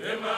Amen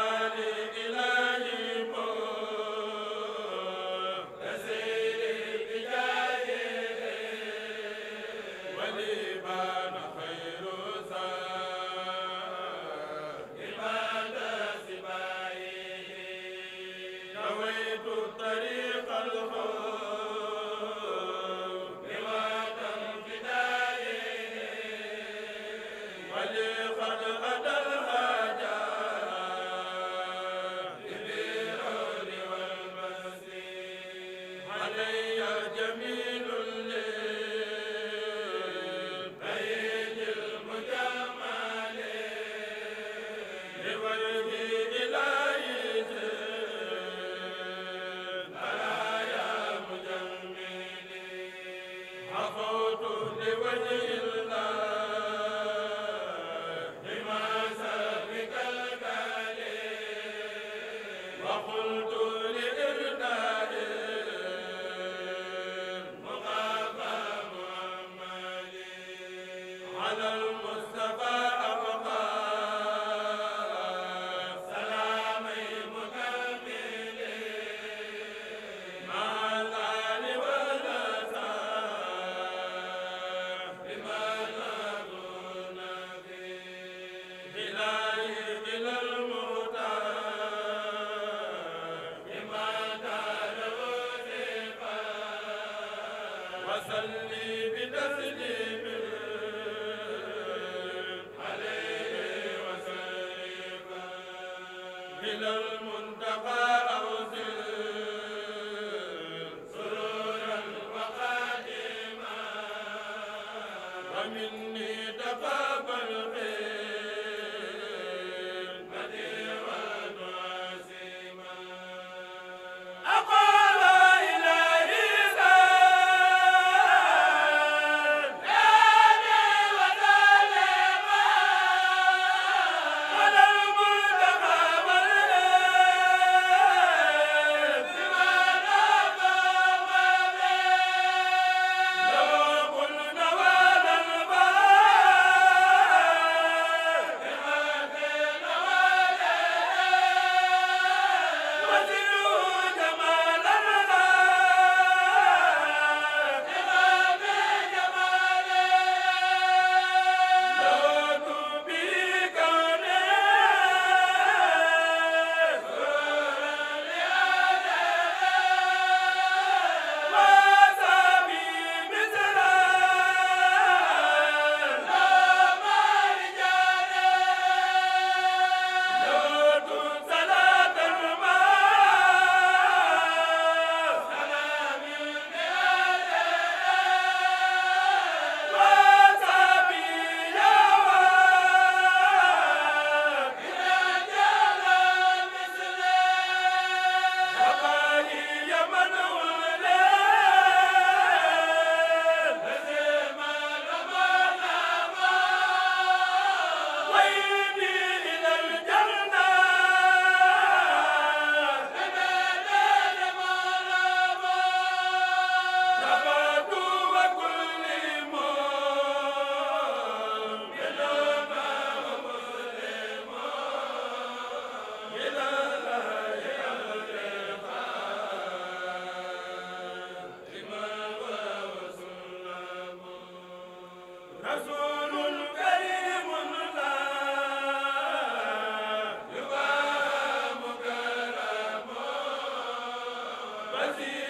Merci.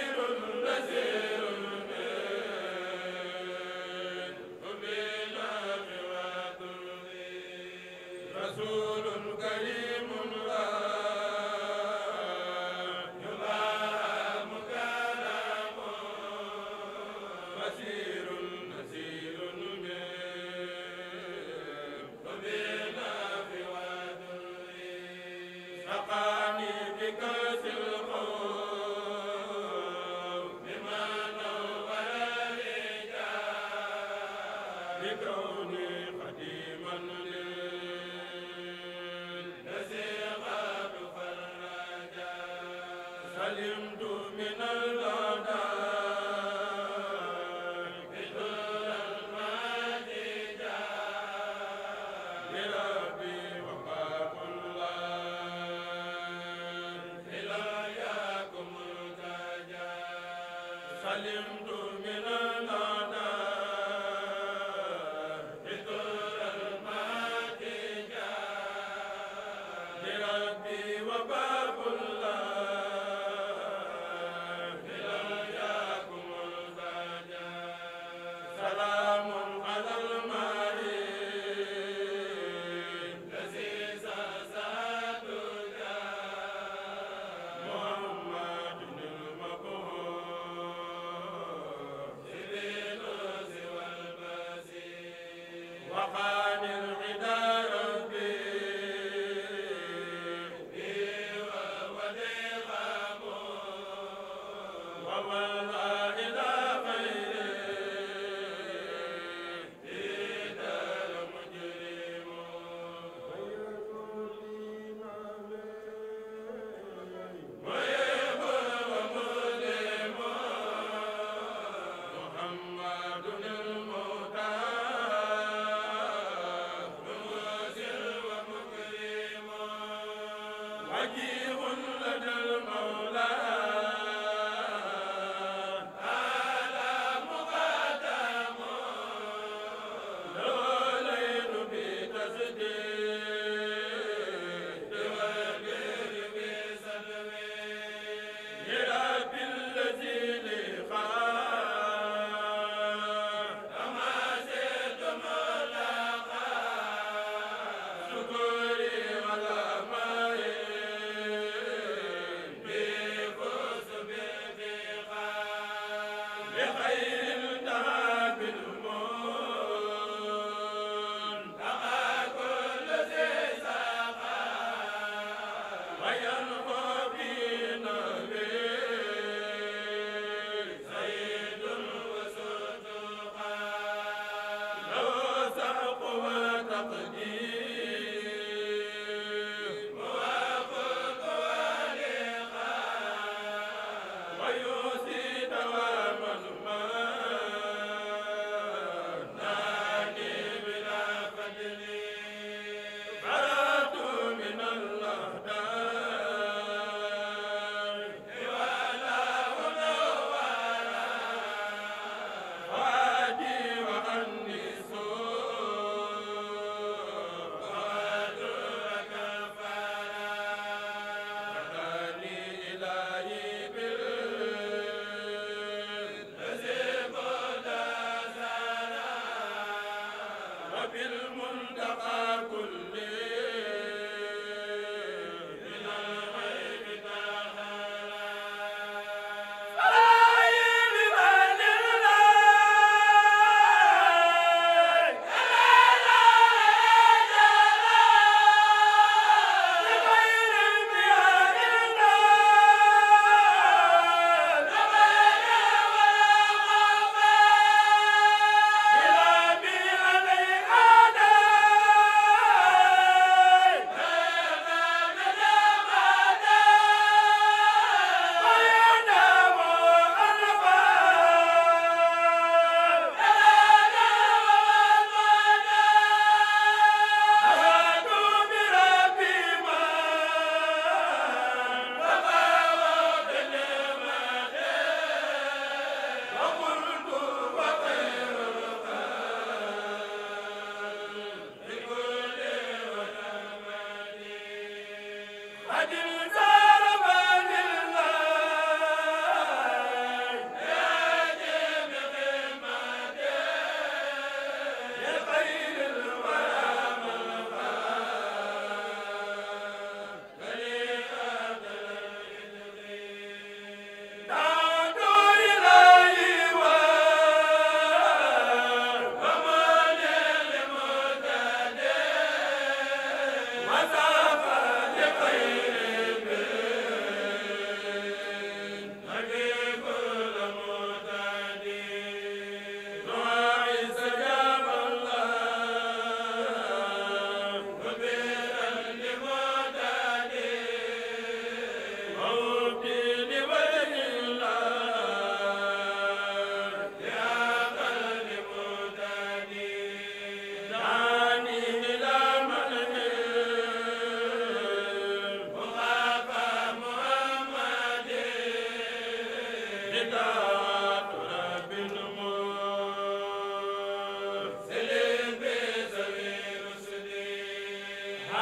علمت من الله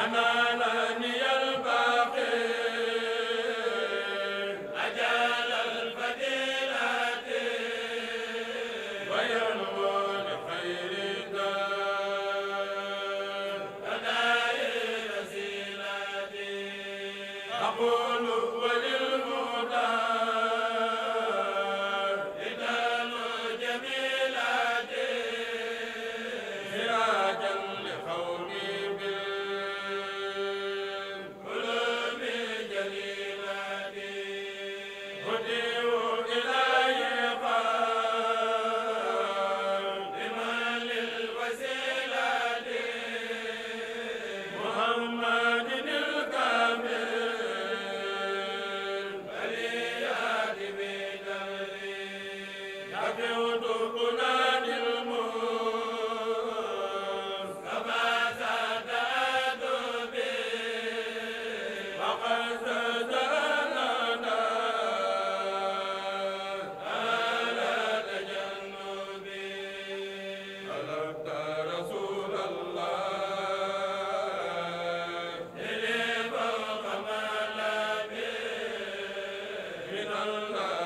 ana minal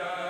ya